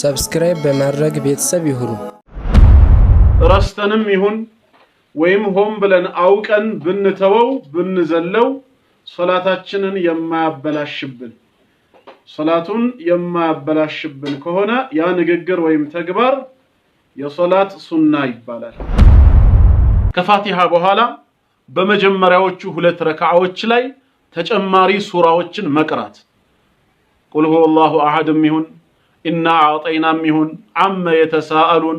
ሰብስክራይብ በማድረግ ቤተሰብ ይሁኑ። ረስተንም ይሁን ወይም ሆን ብለን አውቀን ብንተወው ብንዘለው ሶላታችንን የማያበላሽብን ሶላቱን የማያበላሽብን ከሆነ ያ ንግግር ወይም ተግባር የሶላት ሱና ይባላል። ከፋቲሃ በኋላ በመጀመሪያዎቹ ሁለት ረካዓዎች ላይ ተጨማሪ ሱራዎችን መቅራት ቁል ሁወ አላሁ አሐድም ይሁን ኢና አዕጠይናም ይሁን አመ የተሳአሉን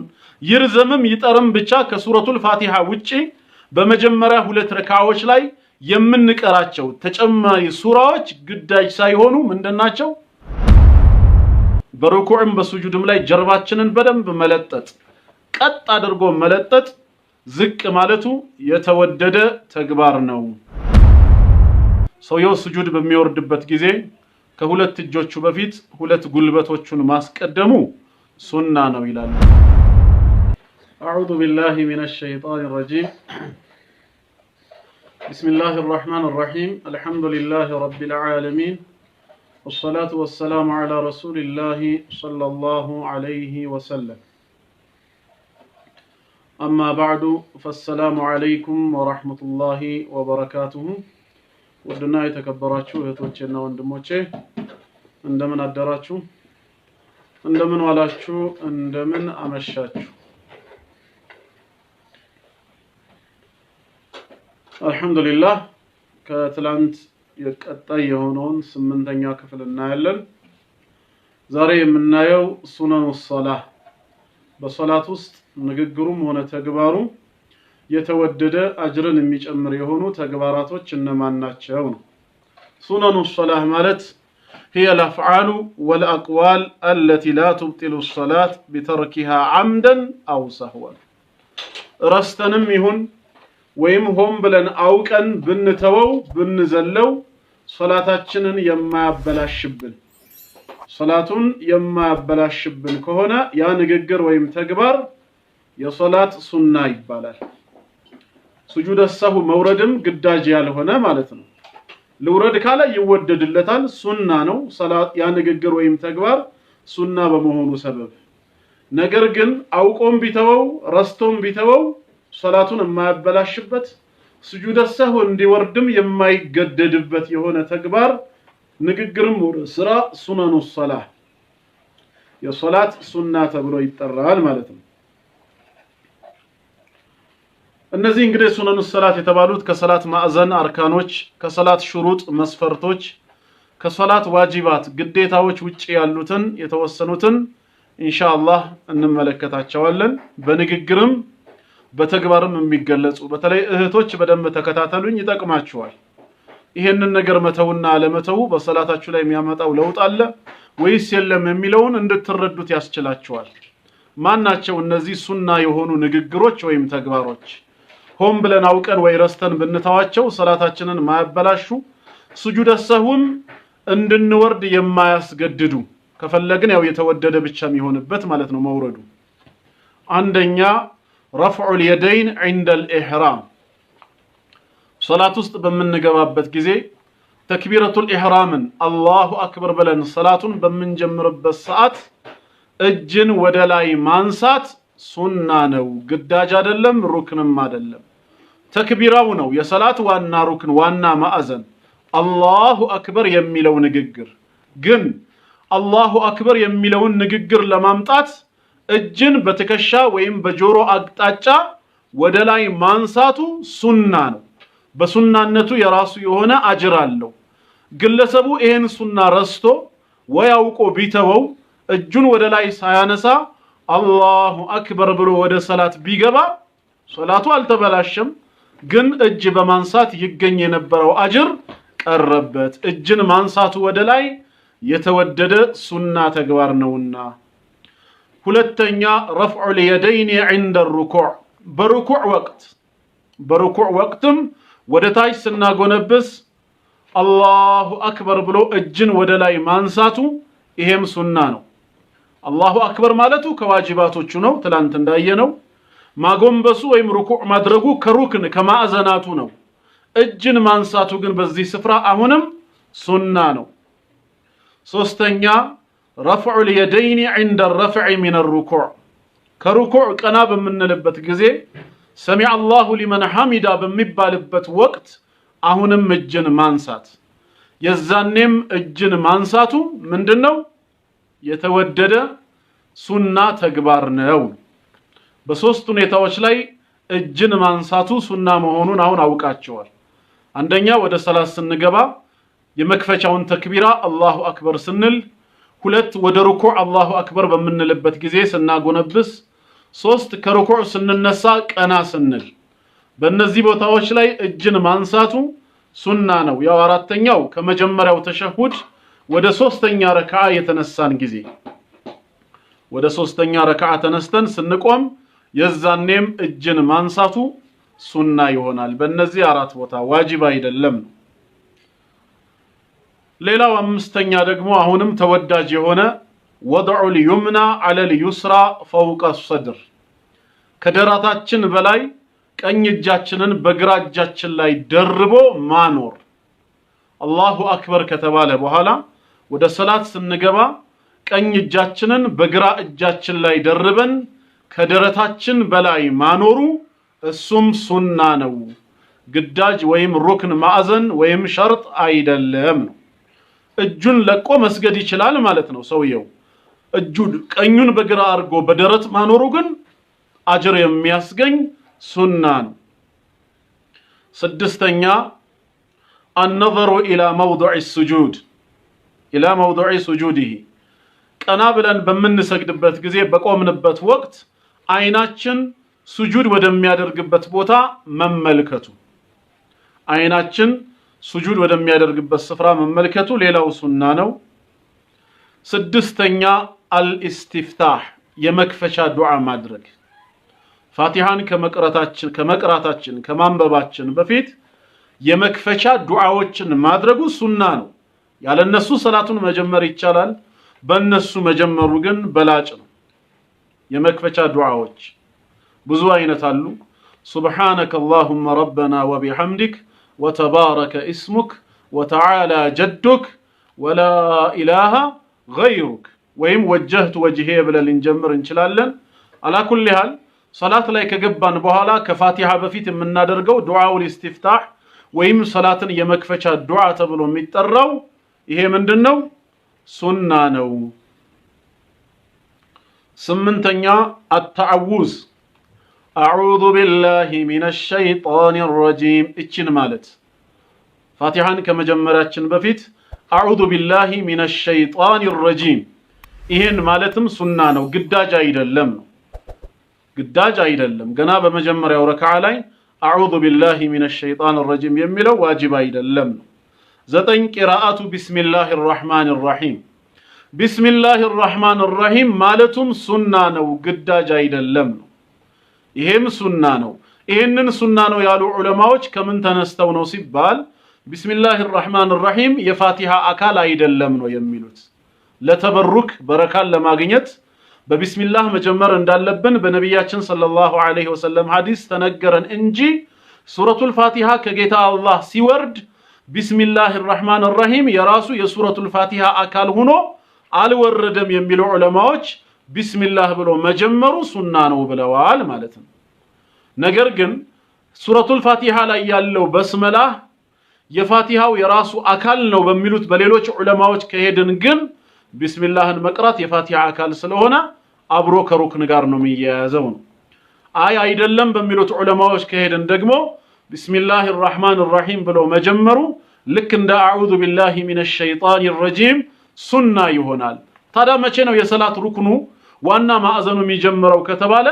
ይርዘምም ይጠርም ብቻ ከሱረቱል ፋቲሃ ውጪ በመጀመሪያ ሁለት ረካዎች ላይ የምንቀራቸው ተጨማሪ ሱራዎች ግዳጅ ሳይሆኑ ምንድናቸው? በሩኩዕም በሱጁድም ላይ ጀርባችንን በደንብ መለጠጥ፣ ቀጥ አድርጎ መለጠጥ፣ ዝቅ ማለቱ የተወደደ ተግባር ነው። ሰውየው ስጁድ በሚወርድበት ጊዜ ከሁለት بفيت هولت ሁለት ጉልበቶቹን ماسك الدمو سنة نويلة أعوذ بالله من الشيطان الرجيم بسم الله الرحمن الرحيم الحمد لله رب العالمين والصلاة والسلام على رسول الله صلى الله عليه وسلم أما بعد فالسلام عليكم ورحمة الله وبركاته ውድና የተከበራችሁ እህቶቼና ወንድሞቼ እንደምን አደራችሁ፣ እንደምን ዋላችሁ፣ እንደምን አመሻችሁ። አልሐምዱሊላህ ከትላንት የቀጣይ የሆነውን ስምንተኛ ክፍል እናያለን። ዛሬ የምናየው ሱነኑ ሶላህ በሶላት ውስጥ ንግግሩም ሆነ ተግባሩ የተወደደ አጅርን የሚጨምር የሆኑ ተግባራቶች እነማን ናቸው ነው። ሱነኑ ሶላህ ማለት ሂየ ልአፍዓሉ ወልአቅዋል አለቲ ላ ቱብጢሉ ሶላት ቢተርኪሃ ዓምደን አው ሰህወን። ረስተንም ይሁን ወይም ሆን ብለን አውቀን ብንተወው ብንዘለው ሶላታችንን የማያበላሽብን ሶላቱን የማያበላሽብን ከሆነ ያ ንግግር ወይም ተግባር የሶላት ሱና ይባላል። ሱጁደ ሰሁ መውረድም ግዳጅ ያልሆነ ማለት ነው። ልውረድ ካለ ይወደድለታል፣ ሱና ነው። ሰላት ያ ንግግር ወይም ተግባር ሱና በመሆኑ ሰበብ ነገር ግን አውቆም ቢተወው ረስቶም ቢተወው ሰላቱን የማያበላሽበት ስጁደ ሰሁ እንዲወርድም የማይገደድበት የሆነ ተግባር ንግግርም ወደ ስራ ሱነኑ ሰላህ የሶላት ሱና ተብሎ ይጠራል ማለት ነው። እነዚህ እንግዲህ ሱነኑ ሰላት የተባሉት ከሰላት ማዕዘን አርካኖች፣ ከሰላት ሹሩጥ መስፈርቶች፣ ከሰላት ዋጅባት ግዴታዎች ውጭ ያሉትን የተወሰኑትን ኢንሻአላህ እንመለከታቸዋለን። በንግግርም በተግባርም የሚገለጹ በተለይ እህቶች በደንብ ተከታተሉኝ፣ ይጠቅማችኋል። ይሄንን ነገር መተውና አለመተው በሰላታችሁ ላይ የሚያመጣው ለውጥ አለ ወይስ የለም የሚለውን እንድትረዱት ያስችላችኋል። ማን ናቸው እነዚህ ሱና የሆኑ ንግግሮች ወይም ተግባሮች? ሆን ብለን አውቀን ወይ ረስተን ብንተዋቸው ሰላታችንን ማያበላሹ ስጁደ ሰሁም እንድንወርድ የማያስገድዱ ከፈለግን ያው የተወደደ ብቻ የሚሆንበት ማለት ነው መውረዱ። አንደኛ ረፍዑል የደይን ዒንደል ኢሕራም ሰላት ውስጥ በምንገባበት ጊዜ ተክቢረቱል ኢሕራምን አላሁ አክበር ብለን ሰላቱን በምንጀምርበት ሰዓት እጅን ወደ ላይ ማንሳት ሱና ነው፣ ግዳጅ አይደለም፣ ሩክንም አይደለም። ተክቢራው ነው የሰላት ዋና ሩክን፣ ዋና ማዕዘን አላሁ አክበር የሚለው ንግግር ግን አላሁ አክበር የሚለውን ንግግር ለማምጣት እጅን በትከሻ ወይም በጆሮ አቅጣጫ ወደ ላይ ማንሳቱ ሱና ነው። በሱናነቱ የራሱ የሆነ አጅር አለው። ግለሰቡ ይሄን ሱና ረስቶ ወይ አውቆ ቢተወው እጁን ወደ ላይ ሳያነሳ አላሁ አክበር ብሎ ወደ ሰላት ቢገባ ሰላቱ አልተበላሸም፣ ግን እጅ በማንሳት ይገኝ የነበረው አጅር ቀረበት። እጅን ማንሳቱ ወደ ላይ የተወደደ ሱና ተግባር ነውና። ሁለተኛ ረፍዑል የደይን ዒንደ ሩኩዕ፣ በሩኩዕ ወቅት በሩኩዕ ወቅትም ወደ ታች ስናጎነብስ አላሁ አክበር ብሎ እጅን ወደ ላይ ማንሳቱ ይሄም ሱና ነው። አላሁ አክበር ማለቱ ከዋጅባቶቹ ነው። ትላንት ነው። ማጎንበሱ ወይም ሩኩዕ ማድረጉ ከሩክን ከማዕዘናቱ ነው። እጅን ማንሳቱ ግን በዚህ ስፍራ አሁንም ሱና ነው። ሶስተኛ ረፍዑል የደይኒ ዒንደ ረፍዒ ሚነ ሩኩዕ ከሩኩዕ ቀና በምንልበት ጊዜ ሰሚዐ አላሁ ሊመን ሐሚዳ በሚባልበት ወቅት አሁንም እጅን ማንሳት የዛኔም እጅን ማንሳቱ ምንድን ነው? የተወደደ ሱና ተግባር ነው። በሶስት ሁኔታዎች ላይ እጅን ማንሳቱ ሱና መሆኑን አሁን አውቃቸዋል። አንደኛ ወደ ሰላት ስንገባ የመክፈቻውን ተክቢራ አላሁ አክበር ስንል፣ ሁለት ወደ ሩኩዕ አላሁ አክበር በምንልበት ጊዜ ስናጎነብስ፣ ሶስት ከሩኩዕ ስንነሳ ቀና ስንል፣ በእነዚህ ቦታዎች ላይ እጅን ማንሳቱ ሱና ነው። ያው አራተኛው ከመጀመሪያው ተሸሁድ ወደ ሶስተኛ ረክዓ የተነሳን ጊዜ ወደ ሶስተኛ ረክዓ ተነስተን ስንቆም የዛኔም እጅን ማንሳቱ ሱና ይሆናል። በእነዚህ አራት ቦታ ዋጅብ አይደለም ሌላው አምስተኛ ደግሞ አሁንም ተወዳጅ የሆነ ወድዑ ልዩምና አለል ዩስራ ፈውቀ ሰድር ከደራታችን በላይ ቀኝ እጃችንን በግራ እጃችን ላይ ደርቦ ማኖር አላሁ አክበር ከተባለ በኋላ ወደ ሰላት ስንገባ ቀኝ እጃችንን በግራ እጃችን ላይ ደርበን ከደረታችን በላይ ማኖሩ እሱም ሱና ነው። ግዳጅ ወይም ሩክን ማዕዘን ወይም ሸርጥ አይደለም ነው። እጁን ለቆ መስገድ ይችላል ማለት ነው ሰውየው። እጁ ቀኙን በግራ አድርጎ በደረት ማኖሩ ግን አጅር የሚያስገኝ ሱና ነው። ስድስተኛ አነዘሩ ኢላ መውዱዕ ሱጁድ ኢላ መውዱዒ ሱጁዲሂ ቀና ብለን በምንሰግድበት ጊዜ በቆምንበት ወቅት አይናችን ሱጁድ ወደሚያደርግበት ቦታ መመልከቱ አይናችን ሱጁድ ወደሚያደርግበት ስፍራ መመልከቱ ሌላው ሱና ነው። ስድስተኛ አልኢስቲፍታህ የመክፈቻ ዱዓ ማድረግ ፋቲሃን ከመቅራታችን ከመቅራታችን ከማንበባችን በፊት የመክፈቻ ዱዓዎችን ማድረጉ ሱና ነው። ያለ እነሱ ሰላቱን መጀመር ይቻላል። በእነሱ መጀመሩ ግን በላጭ ነው። የመክፈቻ ዱዓዎች ብዙ አይነት አሉ። ሱብሓነከ አላሁመ ረበና ወቢሐምዲክ ወተባረከ ኢስሙክ ወተዓላ ጀዱክ ወላ ኢላሃ ገይሩክ ወይም ወጀህቱ ወጅሄ ብለን ልንጀምር እንችላለን። አላኩል ያህል ሰላት ላይ ከገባን በኋላ ከፋቲሃ በፊት የምናደርገው ዱዓውል ኢስቲፍታህ ወይም ሰላትን የመክፈቻ ዱዓ ተብሎ የሚጠራው ይሄ ምንድን ነው? ሱና ነው። ስምንተኛ አተዓውዝ አዑዙ ቢላሂ ሚነ ሸይጣን ረጂም እችን ማለት ፋቲሐን ከመጀመራችን በፊት አዑዙ ቢላሂ ሚነ ሸይጣን ረጂም ይህን ማለትም ሱና ነው፣ ግዳጅ አይደለም ግዳጅ አይደለም። ገና በመጀመሪያው ረክዓ ላይ አዑዙ ቢላሂ ሚነ ሸይጣን ረጂም የሚለው ዋጅብ አይደለም ነው። ዘጠኝ ቂራአቱ ቢስሚላህ ራህማን ራሂም ቢስሚላህ ራህማን ራሂም ማለቱም ሱና ነው፣ ግዳጅ አይደለም ነው። ይሄም ሱና ነው። ይሄንን ሱና ነው ያሉ ዑለማዎች ከምን ተነስተው ነው ሲባል ቢስሚላህ ራህማን ራሂም የፋቲሃ አካል አይደለም ነው የሚሉት። ለተበሩክ በረካን ለማግኘት በቢስሚላህ መጀመር እንዳለብን በነቢያችን ሰለላሁ ዐለይሂ ወሰለም ሐዲስ ተነገረን እንጂ ሱረቱል ፋቲሃ ከጌታ አላህ ሲወርድ ቢስሚላህ ራህማን ራሂም የራሱ የሱረቱል ፋቲሃ አካል ሆኖ አልወረደም የሚሉ ዑለማዎች ቢስሚላህ ብሎ መጀመሩ ሱና ነው ብለዋል ማለት ነው። ነገር ግን ሱረቱል ፋቲሃ ላይ ያለው በስመላህ የፋቲሃው የራሱ አካል ነው በሚሉት በሌሎች ዑለማዎች ከሄድን ግን ቢስሚላህን መቅራት የፋቲሃ አካል ስለሆነ አብሮ ከሩክን ጋር ነው የሚያያዘው ነው። አይ አይደለም በሚሉት ዑለማዎች ከሄድን ደግሞ ቢስሚላህ ራህማን ራሂም ብለው መጀመሩ ልክ እንደ አዑዙ ቢላሂ ሚነ ሸይጣን ረጂም ሱና ይሆናል። ታዲያ መቼ ነው የሰላት ሩክኑ ዋና ማዕዘኑ የሚጀምረው ከተባለ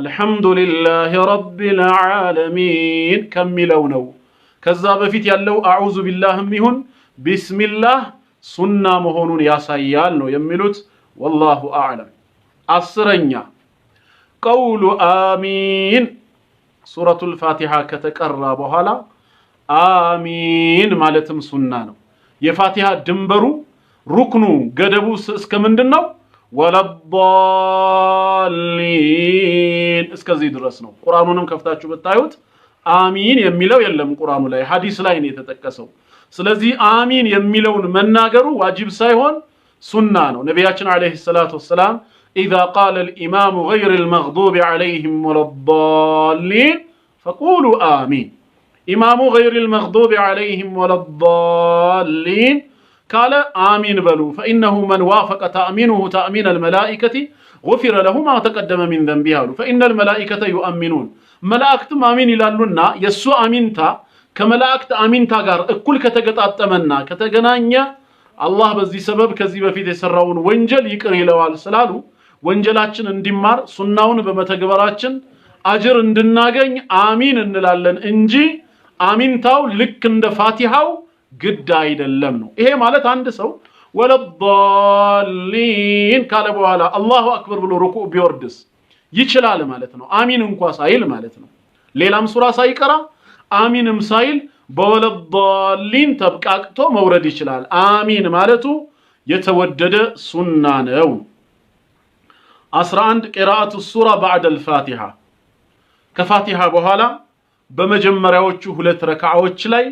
አልሐምዱሊላህ ረቢል ዓለሚን ከሚለው ነው። ከዛ በፊት ያለው አዑዙ ቢላህም ይሁን ቢስሚላህ ሱና መሆኑን ያሳያል ነው የሚሉት። ወላሁ አዕለም። አስረኛ ቀውሉ አሚን ሱረቱል ፋቲሃ ከተቀራ በኋላ አሚን ማለትም ሱና ነው። የፋቲሃ ድንበሩ ሩክኑ ገደቡ እስከ ምንድን ነው? ወለዳሊን እስከዚህ ድረስ ነው። ቁርአኑንም ከፍታችሁ ብታዩት አሚን የሚለው የለም ቁርአኑ ላይ፣ ሀዲስ ላይ ነው የተጠቀሰው። ስለዚህ አሚን የሚለውን መናገሩ ዋጅብ ሳይሆን ሱና ነው። ነቢያችን አለይሂ ሰላቱ ወሰላም إذا قال الإمام غير المغضوب عليهم ولا الضالين فقولوا آمين إمام غير المغضوب عليهم ولا الضالين قال آمين بلو فإنه من وافق تأمينه تأمين الملائكة غفر له ما تقدم من ذنبها فإن الملائكة يؤمنون ملائكة آمين إلالنا يسو آمين تا ከመላእክት አሚንታ ጋር እኩል ከተገጣጠመና ከተገናኘ አላህ በዚህ ሰበብ ከዚህ በፊት وانجل ወንጀል ይቅር ይለዋል ስላሉ ወንጀላችን እንዲማር ሱናውን በመተግበራችን አጅር እንድናገኝ አሚን እንላለን እንጂ አሚንታው ልክ እንደ ፋቲሃው ግድ አይደለም ነው። ይሄ ማለት አንድ ሰው ወለዳሊን ካለ በኋላ አላሁ አክበር ብሎ ሩኩዕ ቢወርድስ ይችላል ማለት ነው። አሚን እንኳ ሳይል ማለት ነው። ሌላም ሱራ ሳይቀራ አሚንም ሳይል በወለዳሊን ተብቃቅቶ መውረድ ይችላል። አሚን ማለቱ የተወደደ ሱና ነው። 11 ቂራአቱ ሱራ ባዕደል ፋቲሃ ከፋቲሃ በኋላ በመጀመሪያዎቹ ሁለት ረካዓዎች ላይ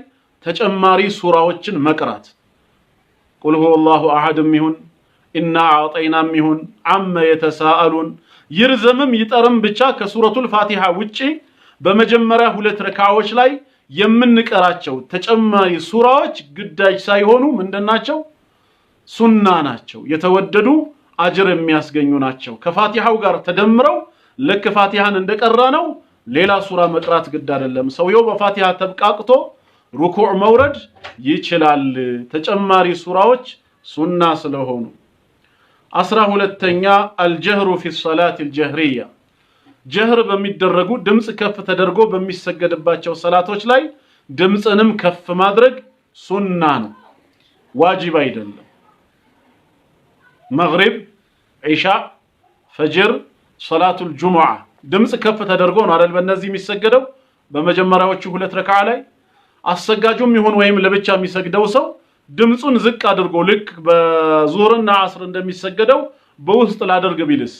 ተጨማሪ ሱራዎችን መቅራት ቁል ሁወ አላሁ አሐድም ይሁን ኢና አጠይናም ይሁን አመ የተሳአሉን ይርዘምም ይጠርም ብቻ ከሱረቱል ፋቲሃ ውጪ በመጀመሪያ ሁለት ረካዓዎች ላይ የምንቀራቸው ተጨማሪ ሱራዎች ግዳጅ ሳይሆኑ ምንድናቸው? ሱና ናቸው የተወደዱ አጅር የሚያስገኙ ናቸው። ከፋቲሃው ጋር ተደምረው ልክ ፋቲሃን እንደቀራ ነው ሌላ ሱራ መቅራት ግድ አይደለም። ሰውየው በፋቲሃ ተብቃቅቶ ሩኩዕ መውረድ ይችላል። ተጨማሪ ሱራዎች ሱና ስለሆኑ። አስራ ሁለተኛ አልጀህሩ ፊ ሰላት አልጀህሪያ ጀህር በሚደረጉ ድምፅ ከፍ ተደርጎ በሚሰገድባቸው ሰላቶች ላይ ድምፅንም ከፍ ማድረግ ሱና ነው፣ ዋጅብ አይደለም። መግሪብ፣ ዒሻ፣ ፈጅር፣ ሶላቱል ጁሙዓ ድምፅ ከፍ ተደርጎ ነው አይደል? በእነዚህ የሚሰገደው በመጀመሪያዎቹ ሁለት ረክዓ ላይ አሰጋጁም ይሁን ወይም ለብቻ የሚሰግደው ሰው ድምፁን ዝቅ አድርጎ ልክ በዙርና አስር እንደሚሰገደው በውስጥ ላደርግ ቢልስ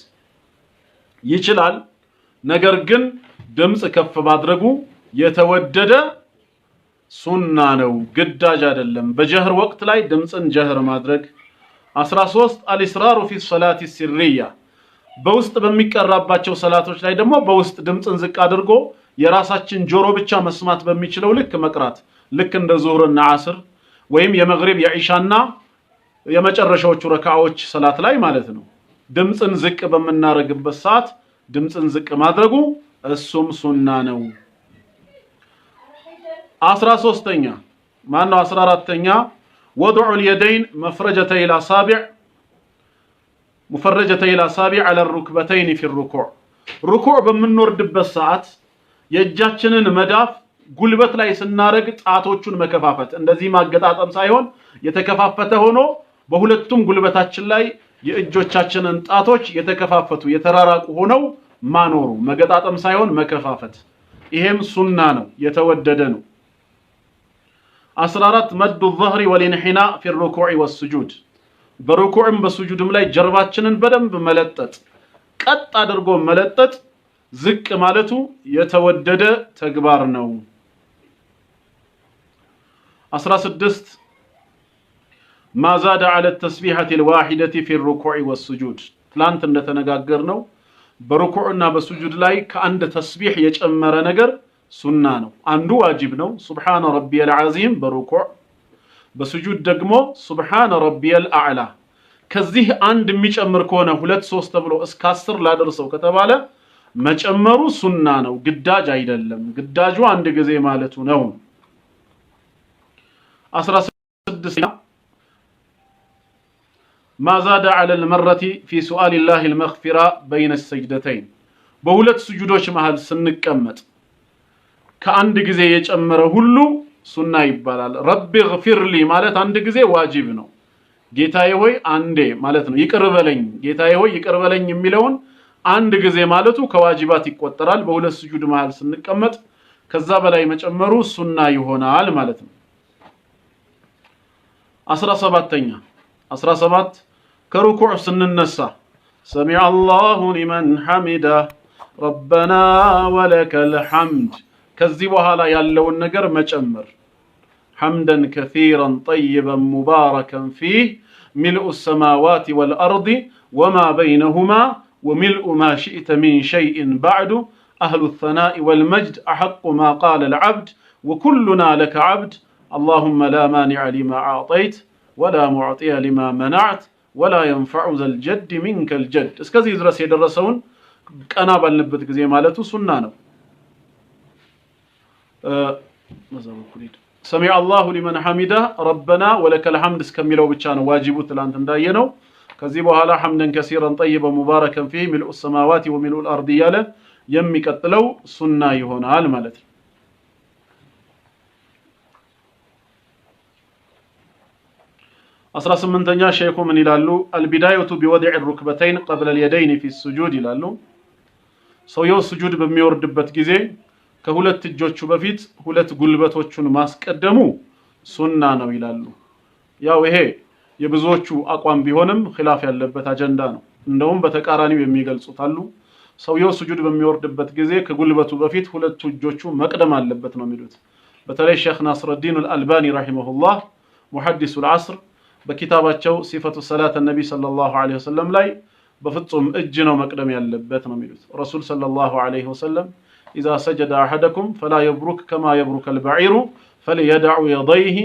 ይችላል። ነገር ግን ድምፅ ከፍ ማድረጉ የተወደደ ሱና ነው፣ ግዳጅ አይደለም። በጀህር ወቅት ላይ ድምፅን ጀህር ማድረግ 13 አልስራሩ ፊ ሰላት ሲርያ በውስጥ በሚቀራባቸው ሰላቶች ላይ ደግሞ በውስጥ ድምፅን ዝቅ አድርጎ የራሳችን ጆሮ ብቻ መስማት በሚችለው ልክ መቅራት ልክ እንደ ዙሁርና አስር ወይም የመግሪብ የዒሻና የመጨረሻዎቹ ረካዎች ሰላት ላይ ማለት ነው። ድምፅን ዝቅ በምናደርግበት ሰዓት ድምፅን ዝቅ ማድረጉ እሱም ሱና ነው። አስራ ሶስተኛ ማነው አስራ አራተኛ ወድዑ ልየደይን መፍረጀተ ኢላ ሳቢዕ ሙፈረጀተ አለ ሩክበተይን ፊ ሩኩዕ ሩኩዕ በምንወርድበት ሰዓት የእጃችንን መዳፍ ጉልበት ላይ ስናረግ ጣቶቹን መከፋፈት፣ እንደዚህ ማገጣጠም ሳይሆን የተከፋፈተ ሆኖ በሁለቱም ጉልበታችን ላይ የእጆቻችንን ጣቶች የተከፋፈቱ የተራራቁ ሆነው ማኖሩ መገጣጠም ሳይሆን መከፋፈት። ይሄም ሱና ነው፣ የተወደደ ነው። 14 መዱ ظهሪ ወልንሒና ፊ ሩኩዕ ወስጁድ በሩኩዕም በስጁድም ላይ ጀርባችንን በደንብ መለጠጥ፣ ቀጥ አድርጎ መለጠጥ፣ ዝቅ ማለቱ የተወደደ ተግባር ነው። 16 ማ ዛደ ዐለ ተስቢሐት ልዋሒደቲ ፊ ሩኩዕ ወስጁድ ትላንት እንደተነጋገር ነው። በሩኩዕና በስጁድ ላይ ከአንድ ተስቢሕ የጨመረ ነገር ሱና ነው። አንዱ ዋጅብ ነው። ሱብሓነ ረቢየል ዓዚም በሩኩዕ በስጁድ ደግሞ ሱብሓነ ረቢየል አዕላ። ከዚህ አንድ የሚጨምር ከሆነ ሁለት ሶስት ተብሎ እስከ አስር ላደርሰው ከተባለ መጨመሩ ሱና ነው፣ ግዳጅ አይደለም። ግዳጁ አንድ ጊዜ ማለቱ ነው። አስራ ስድስተኛ ማዛደ ዐለል መረቲ ፊ ሱአሊላሂል መግፊራ በይነ ሰጅደተይን በሁለት ስጁዶች መሃል ስንቀመጥ ከአንድ ጊዜ የጨመረ ሁሉ ሱና ይባላል። ረቢ ግፊርሊ ማለት አንድ ጊዜ ዋጅብ ነው። ጌታዬ ሆይ አንዴ ማለት ነው። ይቅር በለኝ ጌታዬ ሆይ የሚለውን አንድ ጊዜ ማለቱ ከዋጅባት ይቆጠራል። በሁለት ስጁድ መሃል ስንቀመጥ ከዛ በላይ መጨመሩ ሱና ይሆናል ማለት ነው። አስራ ሰባተኛ አስራ ሰባት ከሩኩዕ ስንነሳ ሰሚዐ አላሁ ሊመን ሐሚዳ ረበና ወለከል ሐምድ ከዚህ በኋላ ያለውን ነገር መጨመር ሐምደን ከሲራን ጠይበን ሙባረከን ፊህ ሚልኡ ሰማዋት ወልአርድ ወማ በይነሁማ ወሚልኡ ማ ሽእተ ሚን ሸይእን ባዕዱ አህሉ ሰናኢ ወልመጅድ አሐቁ ማ ቃለ ልዓብድ ወኩሉና ለከ ዓብድ አላሁመ ላ ማኒዐ ሊማ አዕጠይት ወላ ሙዕጢየ ሊማ መናዕት ወላ የንፈዑ ዘልጀድ ሚንከ ልጀድ። እስከዚህ ድረስ የደረሰውን ቀና ባልንበት ጊዜ ማለቱ ሱና ነው። መዛ በኩል አላሁ ሊመን ሐሚዳ ረበና ወለከል ሐምድ እስከሚለው ብቻ ነው ዋጅቡ ትላንት ነው። ከዚህ በኋላ ሐምደን ከሲረን ጠይበን ሙባረከን ፊህ ሚልኡ ሰማዋት ወሚልኡ አልአርድ እያለ የሚቀጥለው ሱና ይሆናል ማለት ነው። አስራ ስምንተኛ ሼኹ ምን ይላሉ? አልቢዳየቱ ቢወድዕ ሩክበተይን ቀብለል የደይን ፊ ሱጁድ ይላሉ። ሰውየው ስጁድ በሚወርድበት ጊዜ ከሁለት እጆቹ በፊት ሁለት ጉልበቶቹን ማስቀደሙ ሱና ነው ይላሉ። ያው ይሄ የብዙዎቹ አቋም ቢሆንም ኺላፍ ያለበት አጀንዳ ነው። እንደውም በተቃራኒው የሚገልጹት አሉ። ሰውየው ስጁድ በሚወርድበት ጊዜ ከጉልበቱ በፊት ሁለቱ እጆቹ መቅደም አለበት ነው የሚሉት። በተለይ ሼክ ናስረዲን አልአልባኒ ረሂመሁላህ ሙሐዲሱ ልዓስር በኪታባቸው ሲፈቱ ሰላተ ነቢ ሰለላሁ ዐለይሂ ወሰለም ላይ በፍጹም እጅ ነው መቅደም ያለበት ነው የሚሉት ረሱል ሰለላሁ ዐለይሂ ወሰለም ኢዛ ሰጀደ አሐደኩም ፈላ የብሩክ ከማ የብሩክ አልበዒሩ ፈልየዳዑ የደይህ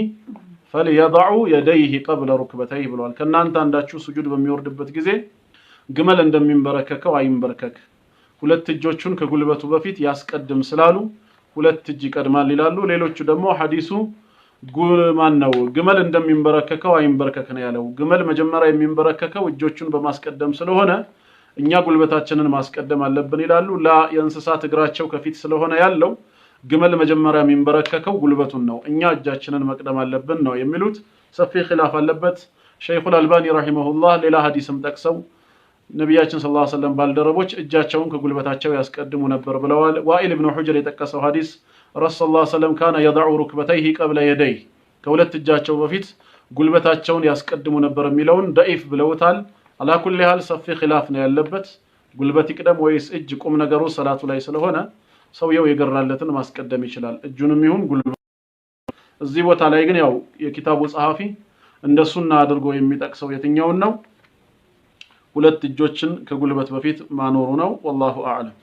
ፈልየዳዑ የደይህ ቀብለ ሩክበተይህ ብለዋል። ከእናንተ አንዳችሁ ስጁድ በሚወርድበት ጊዜ ግመል እንደሚንበረከከው አይንበርከክ፣ ሁለት እጆቹን ከጉልበቱ በፊት ያስቀድም ስላሉ ሁለት እጅ ይቀድማል ይላሉ። ሌሎቹ ደግሞ ሐዲሱ ጉልማን ነው ግመል እንደሚንበረከከው አይንበርከክ ነው ያለው። ግመል መጀመሪያ የሚንበረከከው እጆቹን በማስቀደም ስለሆነ እኛ ጉልበታችንን ማስቀደም አለብን ይላሉ። ላ የእንስሳት እግራቸው ከፊት ስለሆነ ያለው ግመል መጀመሪያ የሚንበረከከው ጉልበቱን ነው፣ እኛ እጃችንን መቅደም አለብን ነው የሚሉት። ሰፊ ኺላፍ አለበት። ሸይኹል አልባኒ ረሂመሁላህ ሌላ ሀዲስም ጠቅሰው ነቢያችን ሰለላሁ ዐለይሂ ወሰለም ባልደረቦች እጃቸውን ከጉልበታቸው ያስቀድሙ ነበር ብለዋል። ዋኢል ብኑ ሑጅር የጠቀሰው ሀዲስ ረሱ ሰለላሁ ዐለይሂ ወሰለም ካነ የደዑ ሩክበተይህ ቀብለ የደይ ከሁለት እጃቸው በፊት ጉልበታቸውን ያስቀድሙ ነበር የሚለውን ደኢፍ ብለውታል። አላኩል ያህል ሰፊ ኪላፍ ነው ያለበት። ጉልበት ይቅደም ወይስ እጅ? ቁም ነገሩ ሰላቱ ላይ ስለሆነ ሰውየው የገራለትን ማስቀደም ይችላል፣ እጁንም ይሁን ጉልበት። እዚህ ቦታ ላይ ግን ያው የኪታቡ ጸሐፊ እንደ አድርጎ የሚጠቅሰው የትኛውን ነው? ሁለት እጆችን ከጉልበት በፊት ማኖሩ ነው። ወላሁ አዕለም።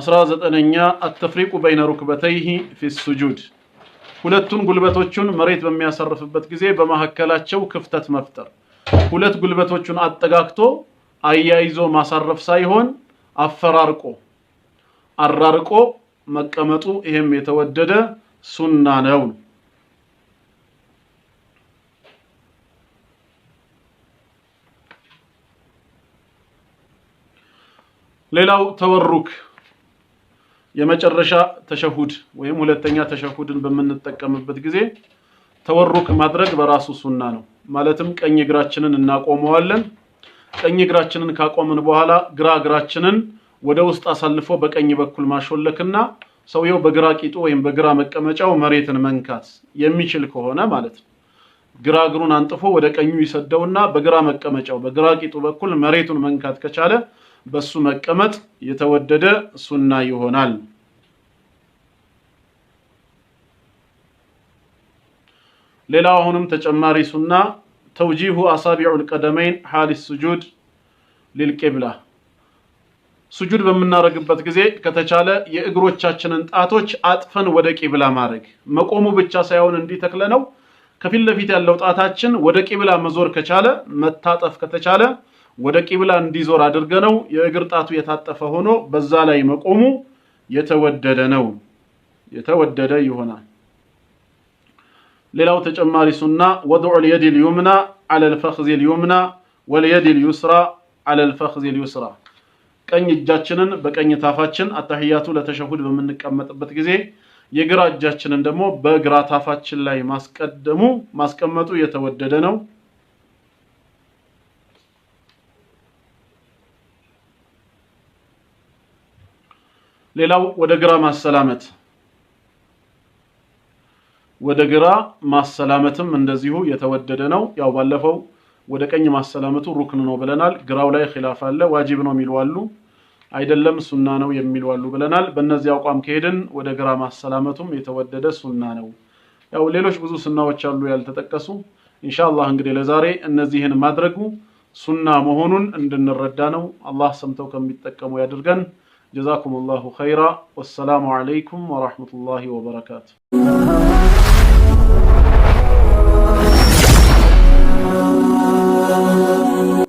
አስራ ዘጠነኛ አተፍሪቁ በይነ ሩክበተይሂ ፊ ሱጁድ፣ ሁለቱን ጉልበቶቹን መሬት በሚያሳርፍበት ጊዜ በመካከላቸው ክፍተት መፍጠር ሁለት ጉልበቶቹን አጠጋግቶ አያይዞ ማሳረፍ ሳይሆን አፈራርቆ አራርቆ መቀመጡ ይሄም የተወደደ ሱና ነው። ሌላው ተወሩክ የመጨረሻ ተሸሁድ ወይም ሁለተኛ ተሸሁድን በምንጠቀምበት ጊዜ ተወሩክ ማድረግ በራሱ ሱና ነው። ማለትም ቀኝ እግራችንን እናቆመዋለን። ቀኝ እግራችንን ካቆምን በኋላ ግራ እግራችንን ወደ ውስጥ አሳልፎ በቀኝ በኩል ማሾለክና ሰውየው በግራ ቂጡ ወይም በግራ መቀመጫው መሬትን መንካት የሚችል ከሆነ ማለት ነው። ግራ እግሩን አንጥፎ ወደ ቀኙ ይሰደውና በግራ መቀመጫው በግራ ቂጡ በኩል መሬቱን መንካት ከቻለ በሱ መቀመጥ የተወደደ ሱና ይሆናል። ሌላው አሁንም ተጨማሪ ሱና ተውጂሁ አሳቢዑል ቀደመይን ሐሊ ስጁድ ሊልቂብላ ስጁድ በምናደርግበት ጊዜ ከተቻለ የእግሮቻችንን ጣቶች አጥፈን ወደ ቂብላ ማድረግ መቆሙ ብቻ ሳይሆን እንዲተክለ ነው። ከፊት ለፊት ያለው ጣታችን ወደ ቂብላ መዞር ከቻለ መታጠፍ ከተቻለ ወደ ቂብላ እንዲዞር አድርገ ነው የእግር ጣቱ የታጠፈ ሆኖ በዛ ላይ መቆሙ የተወደደ ነው፣ የተወደደ ይሆናል። ሌላው ተጨማሪ ሱና ወድዑ ልየድ ልዩምና አለ ልፈክዚ ልዩምና ወልየድ ልዩስራ አለ ልፈክዚ ልዩስራ ቀኝ እጃችንን በቀኝ ታፋችን አታህያቱ ለተሸሁድ በምንቀመጥበት ጊዜ የግራ እጃችንን ደግሞ በግራ ታፋችን ላይ ማስቀደሙ ማስቀመጡ የተወደደ ነው። ሌላው ወደ ግራ ማሰላመት ወደ ግራ ማሰላመትም እንደዚሁ የተወደደ ነው። ያው ባለፈው ወደ ቀኝ ማሰላመቱ ሩክን ነው ብለናል። ግራው ላይ ኺላፍ አለ። ዋጅብ ነው የሚሉ አሉ፣ አይደለም ሱና ነው የሚሉ አሉ ብለናል። በእነዚህ አቋም ከሄድን ወደ ግራ ማሰላመቱም የተወደደ ሱና ነው። ያው ሌሎች ብዙ ሱናዎች አሉ ያልተጠቀሱ። ኢንሻአላህ እንግዲህ ለዛሬ እነዚህን ማድረጉ ሱና መሆኑን እንድንረዳ ነው። አላህ ሰምተው ከሚጠቀሙ ያድርገን። ጀዛኩሙላሁ ላሁ ኸይራ። ወሰላሙ አለይኩም ወራህመቱላሂ ወበረካቱ።